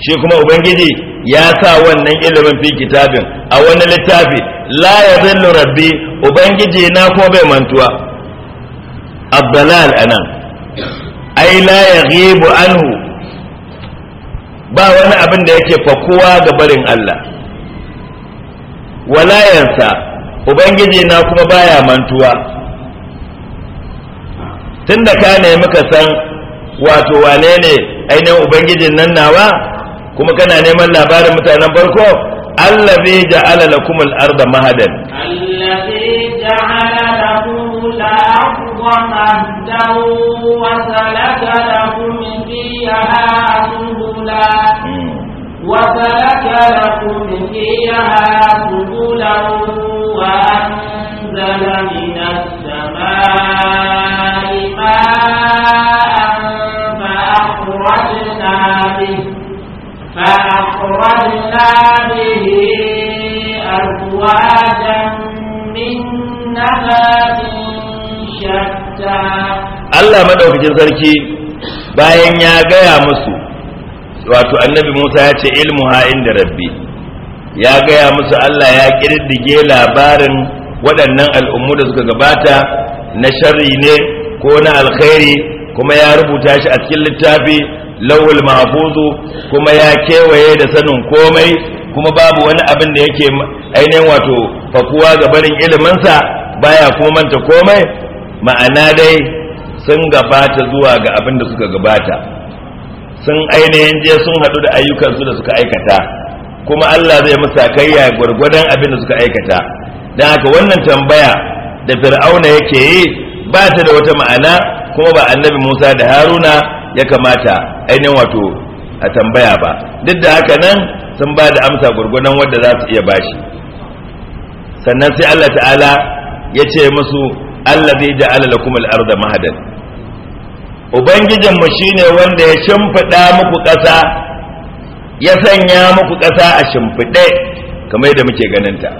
shi kuma ubangiji ya sa wannan ilimin fi kitabin a wani littafi la rabbi ubangiji na ko bai mantuwa abdalal anan ai la ghibu anhu ba wani abin da yake fakuwa ga barin Allah wala yansa ubangiji na kuma baya mantuwa tunda ka nemi ka san wato wane ne ainihin ubangijin nan nawa kuma kana neman labarin mutanen farko allazi ja'ala lakum al-ardha mahadan allazi ja'ala lakum al-ardha mahdan wa salaka lakum fiha subula wa salaka lakum fiha subula wa anzala minas samaa'i أزواجا من نبات Allah madaukakin sarki bayan ya gaya musu wato annabi Musa ya ce ilmu ha'in da rabbi ya gaya musu Allah ya kirdige labarin waɗannan al'ummu da suka gabata na sharri ne ko na alkhairi kuma ya rubuta shi a cikin littafi lawul mahfuzu kuma ya kewaye da sanin komai kuma babu wani abin da yake ainihin wato fakuwa ga barin iliminsa baya kuma manta komai ma'ana dai sun gabata zuwa ga abin da suka gabata sun ainihin je sun haɗu da ayyukansu da suka aikata kuma Allah zai musa kayya gwargwadon abin da suka aikata don haka wannan tambaya da fir'auna yake yi ba ta da wata ma'ana kuma ba annabi Musa da Haruna ya kamata ainihin wato a tambaya ba duk da haka nan sun ba da amsa gurgunan wanda za su iya bashi sannan sai Allah ta'ala ya ce musu Allah zai ja'ala lakum al-ardha mahadan ubangijinmu shine wanda ya shimfiɗa muku ƙasa ya sanya muku ƙasa a shimfiɗe kamar yadda muke ganinta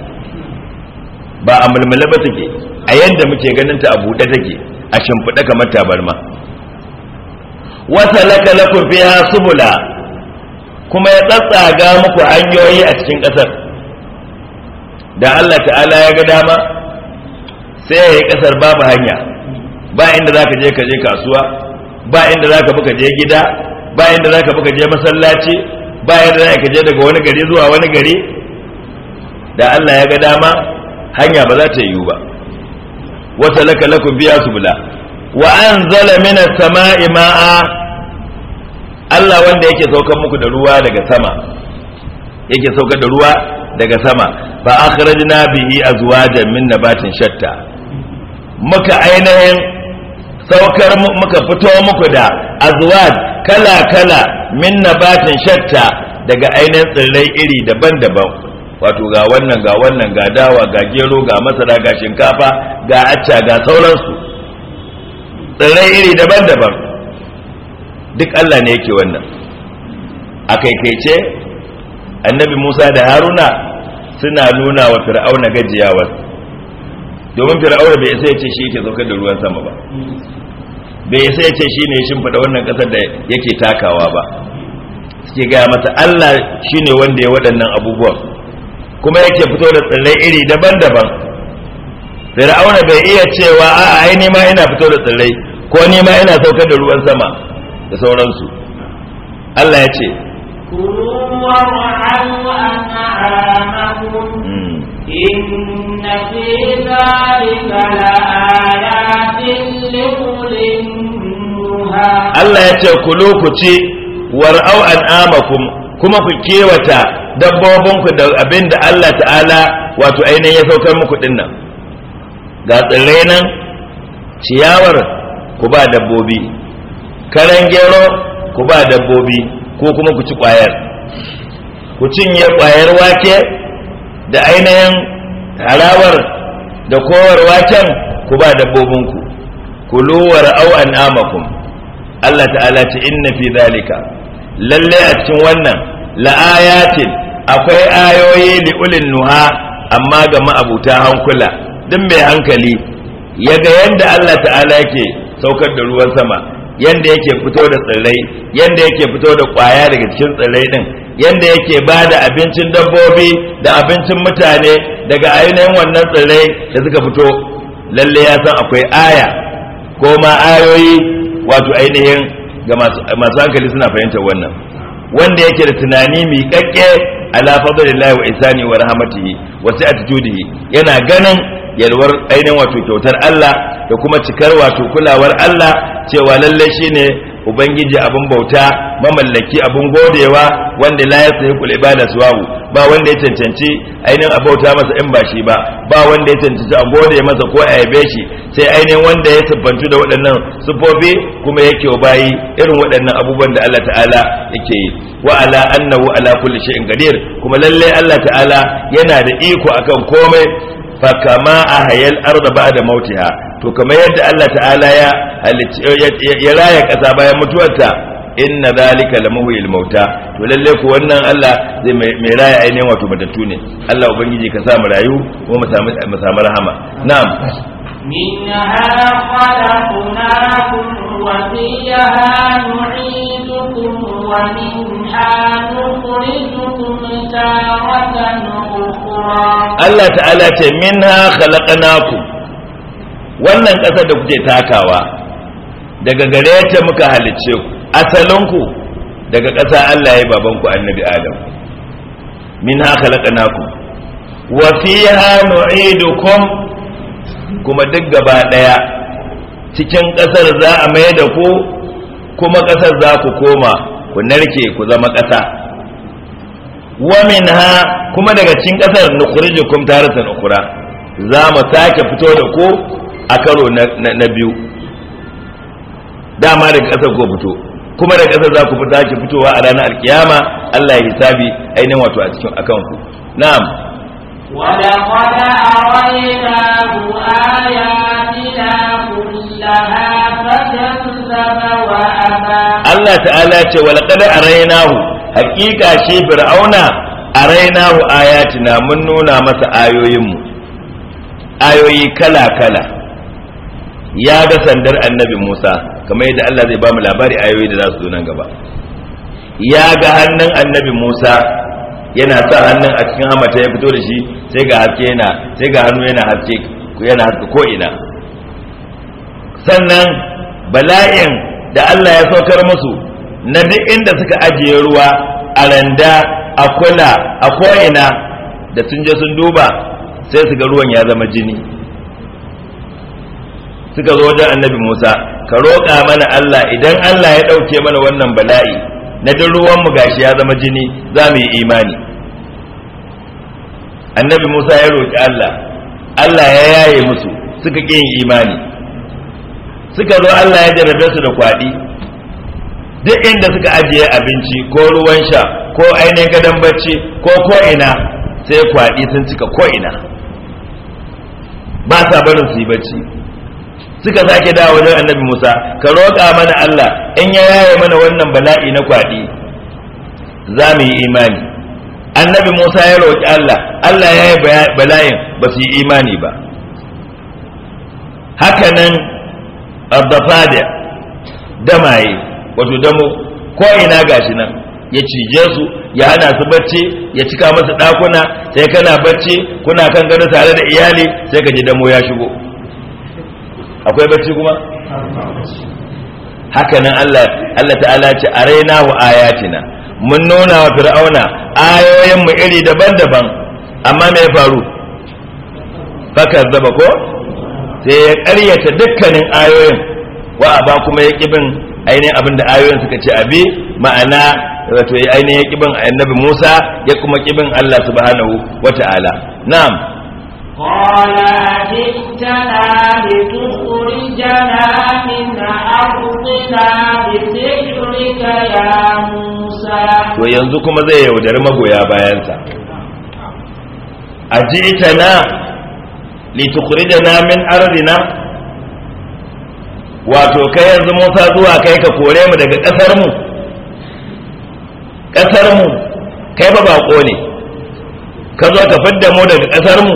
ba a mulmula ba take a yadda muke ganinta a buɗe take a shimfiɗe kamar tabarma wata laka lakum fiha subula kuma ya tsatsaga muku hanyoyi a cikin ƙasar da Allah ta'ala ya ga dama sai ya yi ƙasar babu hanya ba inda za ka je ka je kasuwa ba inda za ka buka je gida ba inda za ka buka je masallaci ba inda za ka je daga wani gari zuwa wani gari da Allah ya ga dama hanya ba za ta yiwu ba wata laka lakum biya subula wa anzala minas sama'i ma'a Allah wanda yake saukar muku da ruwa daga sama yake saukar da ruwa daga sama fa akhrajna bihi azwajan min nabatin shatta muka ainihin saukar muka fito muku da azwaj kala kala min nabatin shatta daga ainihin tsirrai iri daban-daban wato ga wannan ga wannan ga dawa ga gero ga masara ga shinkafa ga acca ga sauransu tsirrai iri daban-daban duk Allah ne yake wannan a kaikaice annabi Musa da Haruna suna nuna wa fir'auna gajiyawa domin fir'auna bai sai ce shi yake saukar da ruwan sama ba bai sai ce shi ne shimfiɗa wannan ƙasar da yake takawa ba suke gaya masa Allah shi ne wanda ya waɗannan abubuwan kuma yake fito da tsirrai iri daban-daban fir'auna bai iya cewa a'a ai ni ma ina fito da tsirrai ko ni ma ina saukar da ruwan sama da sauransu Allah ya ce Allah ya ce kulu ku ci war'au an'amakum kuma ku kewata dabbobinku da abin da Allah ta'ala wato ainihin ya saukar muku dinnan ga tsirrai nan ciyawar ku ba dabbobi karan gero ku ba dabbobi ko kuma ku ci kwayar ku cinye kwayar wake da ainihin harawar da kowar waken ku ba dabbobinku ku luwar war'au amakun Allah ta'ala ce inna fi zalika lalle a cikin wannan la'ayatin akwai ayoyi li'ulin nuha amma ga ma'abuta hankula Din mai hankali yaga yadda Allah ta'ala ke saukar da ruwan sama yanda yake fito da tsirrai yanda yake fito da kwaya daga cikin tsirrai din yanda yake ba da abincin dabbobi da abincin mutane daga ainihin wannan tsirrai da suka fito lalle ya san akwai aya ko ma ayoyi wato ainihin ga masu hankali suna fahimtar wannan wanda yake da tunani miƙaƙƙe ala fadlillahi wa isani wa rahmatihi wa sa'ati yana ganin yalwar ainihin wato kyautar Allah da kuma cikar wato kulawar Allah cewa lalle ne ubangiji abin bauta mamallaki abin godewa wanda la kula ibada wawu ba wanda ya cancanci ainihin abauta masa in ba shi ba ba wanda ya cancanci a gode masa ko a yabe shi sai ainihin wanda ya tabbantu da waɗannan sufofi kuma yake bayi irin waɗannan abubuwan da Allah ta'ala yake yi wa ala annahu ala kulli shay'in qadir kuma lalle Allah ta'ala yana da iko akan komai fa kama hayal arda da mautiha to kamar yadda Allah ta'ala ya ya raya ƙasa bayan mutuwarta inna zalika lamuhu mauta to lalle ku wannan Allah zai mai raye ainihin wato madattu ne Allah ubangiji ka sa mu rayu kuma mu samu rahama na'am منها خلقناكم وفيها نعيدكم ومنها نخرجكم تارة أخرى الله تعالى منها خلقناكم wannan ƙasa da kuke takawa daga gare ta muka halicce ku asalinku daga ƙasa Allah ya babanku annabi Adam min haka laƙanaku wa fiha nu'idukum kuma duk gaba ɗaya cikin ƙasar za a mai da ku kuma ƙasar za ku koma ku narke ku zama ƙasa wa min ha kuma daga cikin ƙasar nukhrijukum taratan ukhra za mu sake fito da ku a karo na biyu dama daga ƙasar ko fito kuma da ƙasar za ku fita ake fitowa a ranar alkiyama Allah ya hisabi ainihin wato a cikin akan ku na'am wada kwada a wani na ruwa ya fi na Allah ta'ala ya ce walakada a rainahu hakika shi fir'auna a Ayati na mun nuna masa ayoyinmu ayoyi kala-kala ya ga sandar annabi musa kamar yadda Allah zai ba mu labari ayoyi da za su zo nan gaba ya ga hannun annabi Musa yana sa hannun a cikin hamata ya fito da shi sai ga haske yana sai ga hannu yana haske yana haske ko ina sannan bala'in da Allah ya saukar musu na duk inda suka ajiye ruwa a randa a kula a ko'ina da sun je sun duba sai su ga ruwan ya zama jini suka zo wajen annabi Musa ka roƙa mana Allah idan Allah ya ɗauke mana wannan bala'i na duk ruwanmu gashi ya zama jini za mu yi imani annabi Musa ya roƙi Allah Allah ya yaye musu suka ƙi imani suka zo Allah ya jarabe su da kwaɗi duk inda suka ajiye abinci ko ruwan sha ko ainihin gadon bacci ko ko'ina sai kwaɗi sun cika ko'ina ba sa barin su yi bacci suka sake dawo wajen annabi Musa ka roƙa mana Allah in ya yaye mana wannan bala'i na kwaɗi za mu yi imani annabi Musa ya roƙi Allah Allah ya yi bala'in ba su yi imani ba hakanan abdafada damaye wato damo ko ina gashi nan ya cije su ya hana su bacci ya cika masu ɗakuna sai kana bacci kuna kan gado tare da iyali sai ka ji damo ya shigo akwai bacci kuma haka nan Allah ta'ala ce arena wa ayatina mun nuna wa fir'auna ayoyin mu iri daban-daban amma me ya faru fakar zaba ko sai ya ƙaryata dukkanin ayoyin wa ba kuma ya kibin ainihin abin da ayoyin suka ce abi ma'ana wato ainihin ya kibin annabi Musa ya kuma kibin Allah subhanahu wata'ala na'am قال أجئتنا لتخرجنا من أرضنا بسحرك يا موسى وينزكم زي ودرمه يا بيانسا أجئتنا litukhrijana wato kai yanzu Musa zuwa kai ka kore mu daga kasar mu kasar mu kai ba bako ne ka zo ka fidda mu daga kasar mu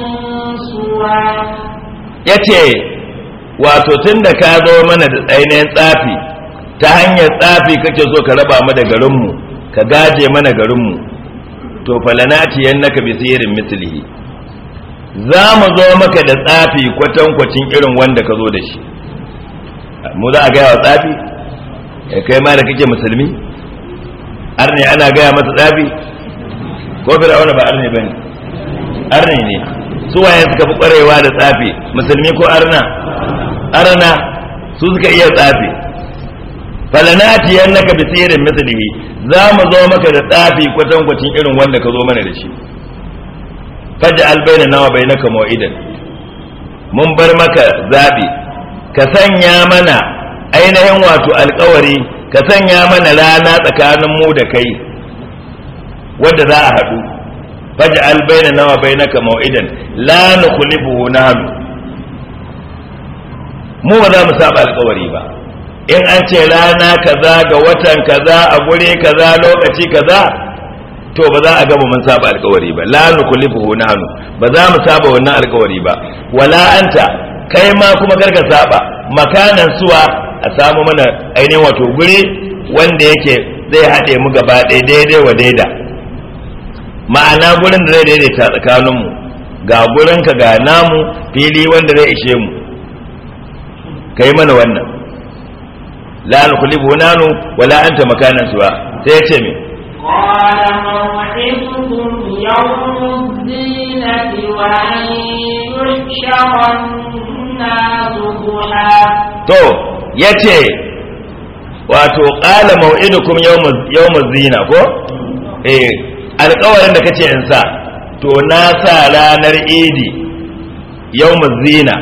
ya ce wato tun da ka zo mana da tsainayen tsafi ta hanyar tsafi kake so ka raba mu da garinmu ka gaje mana garinmu to falanati yannaka bi sihirin mitlihi za mu zo maka da tsafi kwatankwacin irin wanda ka zo da shi mu za a gaya wa tsafi ya eh, kai ma da kake musulmi arne ana gaya masa tsafi ko fir'auna ba arne bane arne ne su waye suka fi kwarewa da tsafi musulmi ko arna arna su suka iya tsafi falanati naka bi sihirin mislihi za mu zo maka da tsafi kwatan kwacin irin wanda ka zo mana da shi faja albaina nawa bainaka mu'idan mun bar maka zabi ka sanya mana ainihin wato alkawari ka sanya mana rana tsakanin mu da kai wanda za a haɗu faj'al bainana wa bainaka maw'idan la nukhlifuhu nahnu mu ba za mu saba alƙawari ba in an ce rana kaza ga watan kaza a guri kaza lokaci kaza to ba za a gaba mun saba alƙawari ba la nukhlifuhu nahnu ba za mu saba wannan alƙawari ba wala anta kai ma kuma karka saba makanan suwa a samu mana ainihin wato guri wanda yake zai haɗe mu gaba ɗaya daidai wa daidai. ma'ana gurin da zai daidaita tsakaninmu ga gurinka ga namu fili wanda zai ishe mu ka yi mana wannan la alkulibu nanu wala anta makanan suwa sai ya ce me قال موعظكم يوم الزينة وأن يحشر الناس to yace wato qala mau'idukum yawm yawm zina ko eh alkawarin da kace in sa to na sa ranar idi mu zina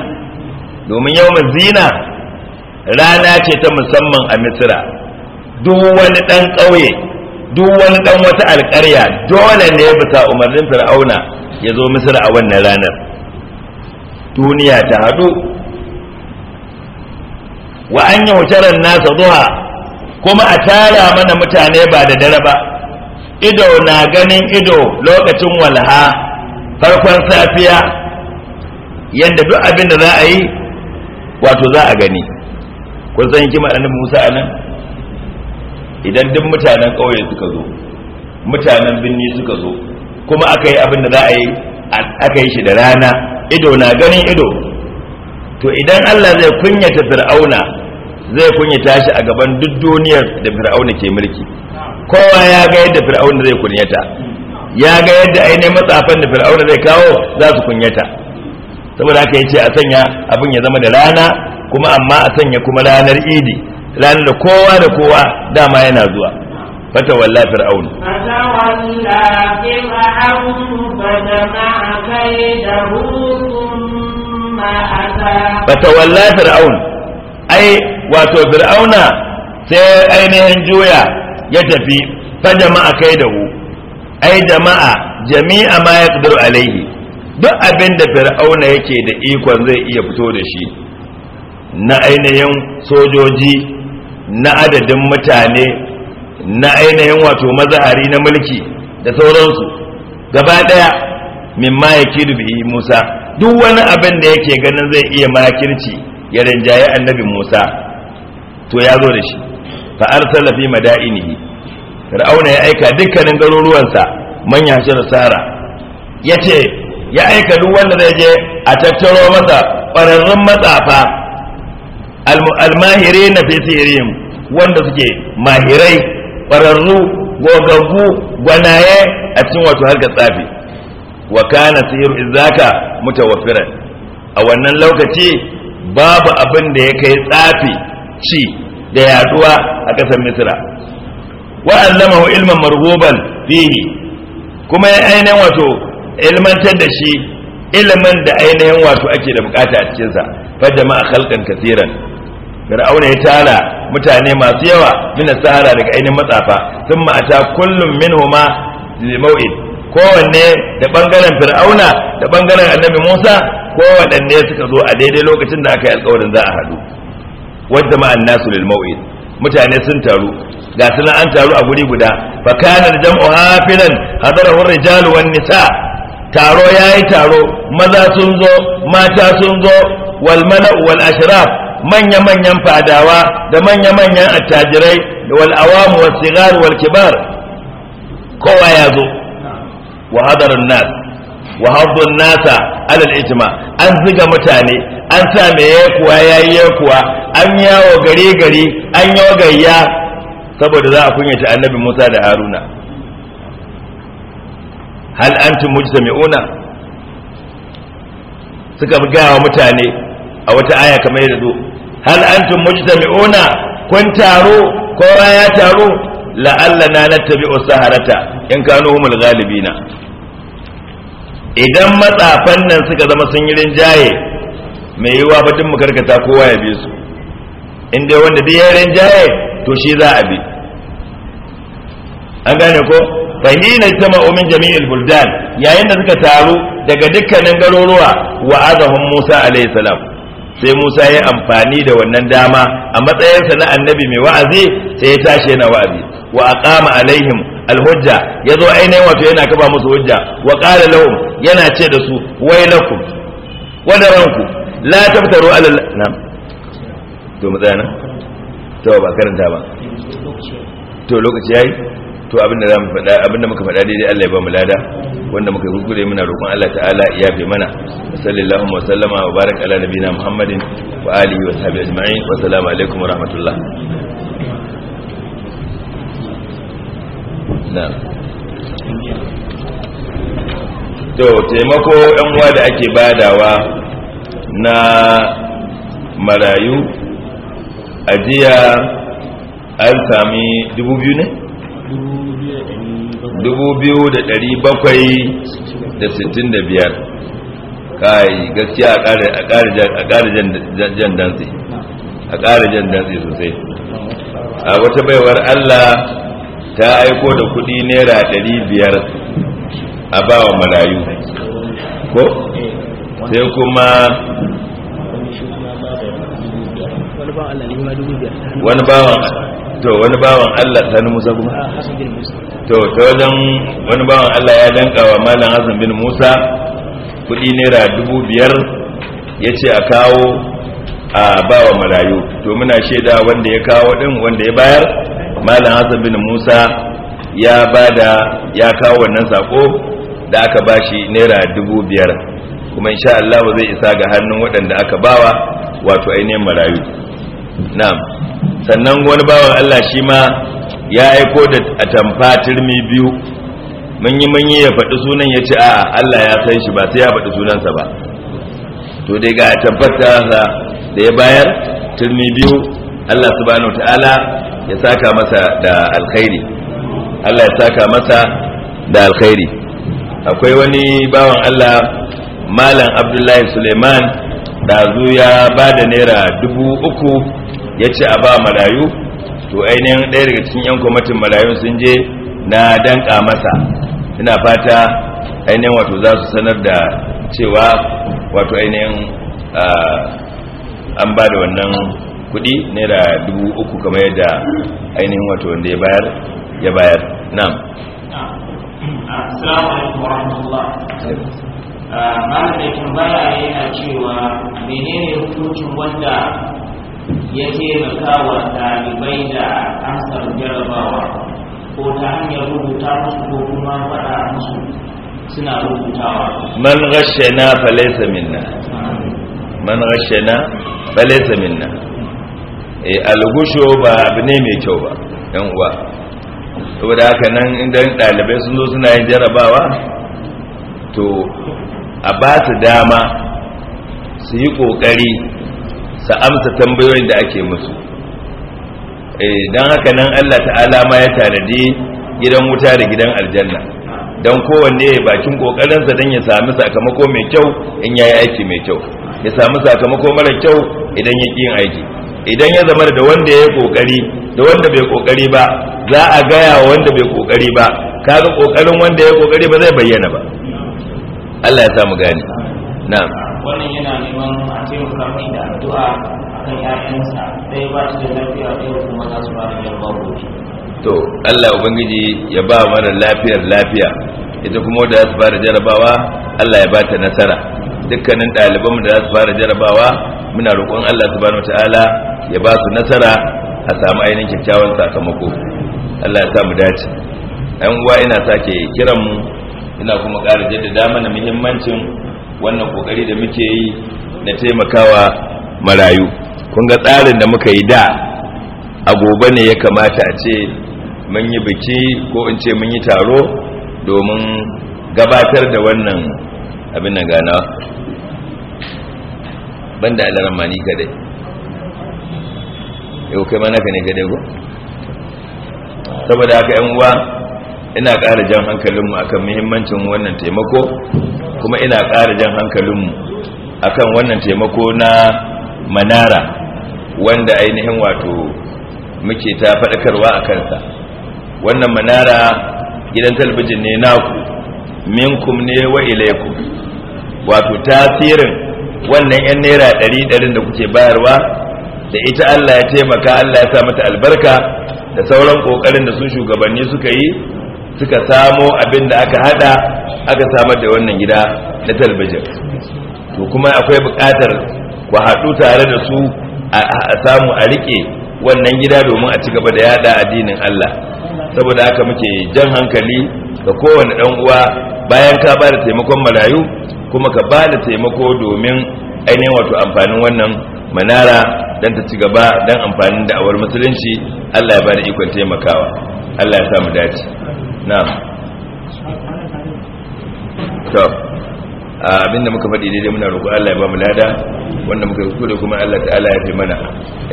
domin mu zina rana ce ta musamman a misira duk wani dan ƙauye duk wani dan wata alƙarya dole ne bisa umarnin fir'auna ya zo misira a wannan ranar duniya ta haɗu wa an yi nasa zuha kuma a tara mana mutane ba da dare ba ido na ganin ido lokacin walha farkon safiya yadda duk abin da za a yi wato za a gani kun san hikima annabi Musa anan idan duk mutanen ƙauye suka zo mutanen binni suka zo kuma aka yi abin da za a yi aka yi shi da rana ido na ganin ido to idan Allah zai kunyata fir'auna zai kunyata shi a gaban duk duniyar da fir'auna ke mulki kowa ya ga yadda fir'auna zai kunyata ya ga yadda ainihin matsafan da fir'auna zai kawo za su kunyata saboda haka ya ce a sanya abin ya zama da rana kuma amma a sanya kuma ranar idi ranar da kowa da kowa dama yana zuwa fata walla fir'aun fata walla fir'aun ai wato fir'auna sai ainihin juya ya tafi fa jama'a kai da hu ai jama'a jami'a ma ya kudur alaihi duk abin da fir'auna yake da ikon zai iya fito da shi na ainihin sojoji na adadin mutane na ainihin wato mazahari na mulki da sauransu gaba ɗaya min mayakidu bihi musa duk wani abin da yake ganin zai iya makirci ya rinjaye annabi musa to ya zo da shi fa arsala fi madainihi fir'auna ya aika dukkanin garuruwansa manya shi sara yace ya aika duk wanda zai je a tattaro masa ƙwararrun matsafa almahire na fi sirihim wanda suke mahirai ƙwararru gogaggu gwanaye a cikin wato harka tsafi wa kana sihiru izaka mutawaffiran a wannan lokaci babu abin da ya kai tsafi ci da yaduwa a ƙasar Misira. wa allamahu ilman marhuban fihi kuma ya ainihin wato ilmantar da shi ilimin da ainihin wato ake da bukata a sa fa jama'a khalqan kaseeran fir'auna ya tara mutane masu yawa min sahara daga ainihin matsafa sun ma'ata kullum minhuma limau'id kowanne da bangaren fir'auna da bangaren annabi musa kowanne suka zo a daidai lokacin da aka yi alkawarin za a haɗu wadda ma'an nasu lil mau'id mutane sun taru ga sunan an taru a guri guda fa kana jam'u hafilan hadarahu ar-rijal wan nisa taro yayi taro maza sun zo mata sun zo wal mala'u wal ashraf manya manyan fadawa da manya manyan attajirai wal awam was sigar wal kibar kowa ya zo wa hadaran nas wa haddun nasa alal ijma an ziga mutane an sa me ya kuwa yayi yakuwa kuwa an yawo gare gare an yawo gayya saboda za a kunyata annabi Musa da Haruna hal antum mujtami'una suka ga wa mutane a wata aya kamar yadda zo hal antum mujtami'una kun taro kowa ya taro la'allana nattabi'u saharata in kanu humul ghalibina idan matsafan nan suka zama sun yi rinjaye mai yiwa batun mu karkata kowa ya bi su in wanda duk ya rinjaye to shi za a bi an gane ko fahimina jama'u ma'omin jami'il buldan yayin da suka taru daga dukkanin garuruwa wa azahun Musa alayhi salam sai Musa ya amfani da wannan dama a matsayinsa na annabi mai wa'azi sai ya tashi yana wa'azi wa aqama alaihim alhujja ya zo ainihin wato yana kaba musu hujja wa ƙara lahum yana ce da su wai lakum wadaranku la taftaru ala na to mu tsaya to ba karanta ba to lokaci yayi to abinda zamu faɗa abinda muka faɗa daidai Allah ya ba mu lada wanda muka gurgure muna roƙon Allah ta'ala ya fi mana sallallahu wa sallama wa baraka ala nabina muhammadin wa alihi wa sahbihi ajma'in wa assalamu alaikum wa rahmatullah na'am to taimako yan uwa da ake badawa na marayu ajiya an sami dubu biyu ne? dubu biyu da dari bakwai da sittin da biyar kai gaskiya a ƙari jan dantse a ƙari dantse sosai a wata baiwar allah ta aiko da kudi naira ɗari biyar a bawa marayu ko sai kuma wani bawan to wani bawan Allah ta ni Musa kuma to ta wajen wani bawan Allah ya danka wa malam Hassan bin Musa kudi naira dubu biyar ya ce a kawo a bawa marayu to muna shaida wanda ya kawo din wanda ya bayar malam hassan bin musa ya bada ya kawo wannan sako da aka bashi naira dubu biyar kuma insha Allah zai isa ga hannun waɗanda aka bawa wato ainihin marayu na'am sannan wani bawan Allah shi ma ya aiko da atamfa turmi biyu mun yi mun yi ya faɗi sunan ya ce a Allah ya san shi ba sai ya faɗi sunansa ba to dai ga atamfar da ya bayar turmi biyu Allah subhanahu ta'ala ya saka masa da alkhairi Allah ya saka masa da alkhairi akwai wani bawan Allah malam Abdullahi Suleiman da zu ya ba da naira dubu uku ya ce a ba marayu to ainihin ɗaya daga cikin 'yan kwamitin marayun sun je na danka masa ina fata ainihin wato za su sanar da cewa wato ainihin ah, an ba da wannan kudi naira dubu uku kamar yadda ainihin wato wanda ya bayar ya bayar na'am ah, assalamu alaikum warahmatullah ah, malamin tambaya yana cewa menene hukuncin wanda ya taimaka wa ɗalibai da amsar jarabawa ko ta hanyar rubuta musu ko kuma faɗa musu suna rubutawa man rashena falaisa minna man rashena falaisa minna Eh, algusho ba abu ne mai kyau ba yan uwa saboda haka nan idan ɗalibai sun zo suna yin jarabawa to a ba su dama su yi ƙoƙari su amsa tambayoyin da ake musu eh, don haka nan allah ta'ala ma ya tanadi gidan wuta da gidan aljanna don kowanne ya bakin ƙoƙarinsa don ya sami sakamako mai kyau in ya yi aiki mai kyau ya sami sakamako mara kyau idan ya yin aiki idan ya zama da wanda ya kokari da wanda bai kokari ba za a gaya wa wanda bai kokari ba kaga kokarin wanda ya kokari ba zai bayyana ba Allah ya samu gani na'am wannan yana neman a taimaka mai da addu'a akan ƴaƴansa dai ba shi da lafiya dai kuma za su ba da yarba gobe to Allah ubangiji ya ba mara lafiyar lafiya ita kuma da ya su fara jarabawa Allah ya ba ta nasara dukkanin ɗalibanmu da za su fara jarabawa muna roƙon Allah subhanahu wataala ya ba su nasara a samu ainihin kyakkyawan sakamako Allah ya sa mu dace ɗan uwa ina sake kiran mu ina kuma ƙara jaddada mana muhimmancin wannan kokari da muke yi na taimakawa marayu kun ga tsarin da muka yi da a gobe ne ya kamata a ce mun yi biki ko in ce mun yi taro domin gabatar da wannan abin nan gana banda alaran ma ni kadai yau kai ma ka ne kadai ko saboda haka yan uwa ina ƙara jan hankalinmu akan muhimmancin wannan taimako kuma ina ƙara jan hankalinmu akan wannan taimako na manara wanda ainihin wato muke ta faɗakarwa a kansa wannan manara gidan talabijin ne naku minkum ne wa ilaikum wato tasirin wannan yan naira ɗari ɗarin da kuke bayarwa da ita Allah ya taimaka Allah ya sa mata albarka da sauran ƙoƙarin da su shugabanni suka yi suka samo abin da aka haɗa, aka samar da wannan gida na talbijin to kuma akwai buƙatar ku haɗu tare da su a samu a riƙe wannan gida domin a ci gaba da yada addinin Allah saboda haka muke jan hankali ga kowane ɗan uwa bayan ka ba da taimakon marayu kuma ka ba da taimako domin ainihin wato amfanin wannan manara don ta ci gaba don amfanin da'awar musulunci allah ya bada ikon taimakawa allah ya samu dace na. to abinda muka faɗi daidai muna roƙo allah ya ba mu lada wanda muka yi kuskure kuma allah ta'ala ya fi mana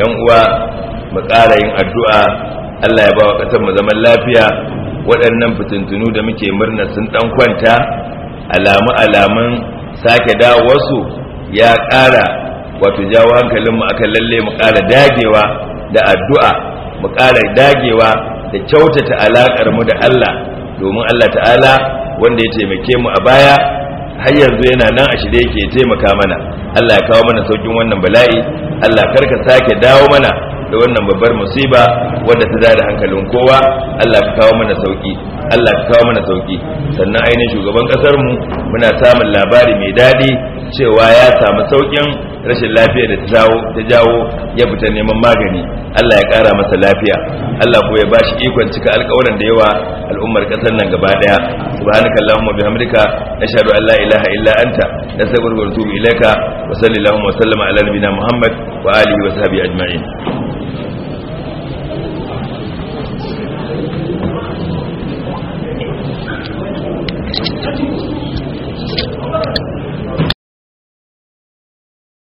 yan uwa mu ƙara yin addu'a allah ya ba wa ƙasar mu zaman lafiya waɗannan fitintunu da muke murna sun ɗan kwanta alamu alaman sake wasu ya ƙara wato jawo hankalinmu akan lalle mu ƙara dagewa da addu'a mu ƙara dagewa da kyautata alaƙar mu da Allah domin Allah ta'ala wanda ya taimake mu a baya har yanzu yana nan a shirye yake taimaka mana Allah ya kawo mana saukin wannan bala'i Allah karka sake dawo mana da wannan babbar musiba wadda ta zada hankalin kowa Allah ka kawo mana sauki Allah ka kawo mana sauki sannan ainihin shugaban kasar mu muna samun labari mai dadi cewa ya samu saukin rashin lafiya da ta jawo ya fita neman magani Allah ya kara masa lafiya Allah ko ya bashi ikon cika alƙawarin da yawa al'ummar kasar nan gaba daya subhanakallahumma bihamdika nashhadu an la ilaha illa anta nastaghfiruka wa natubu ilaika wa sallallahu wa sallama ala nabiyyina muhammad wa alihi wa sahbihi ajma'in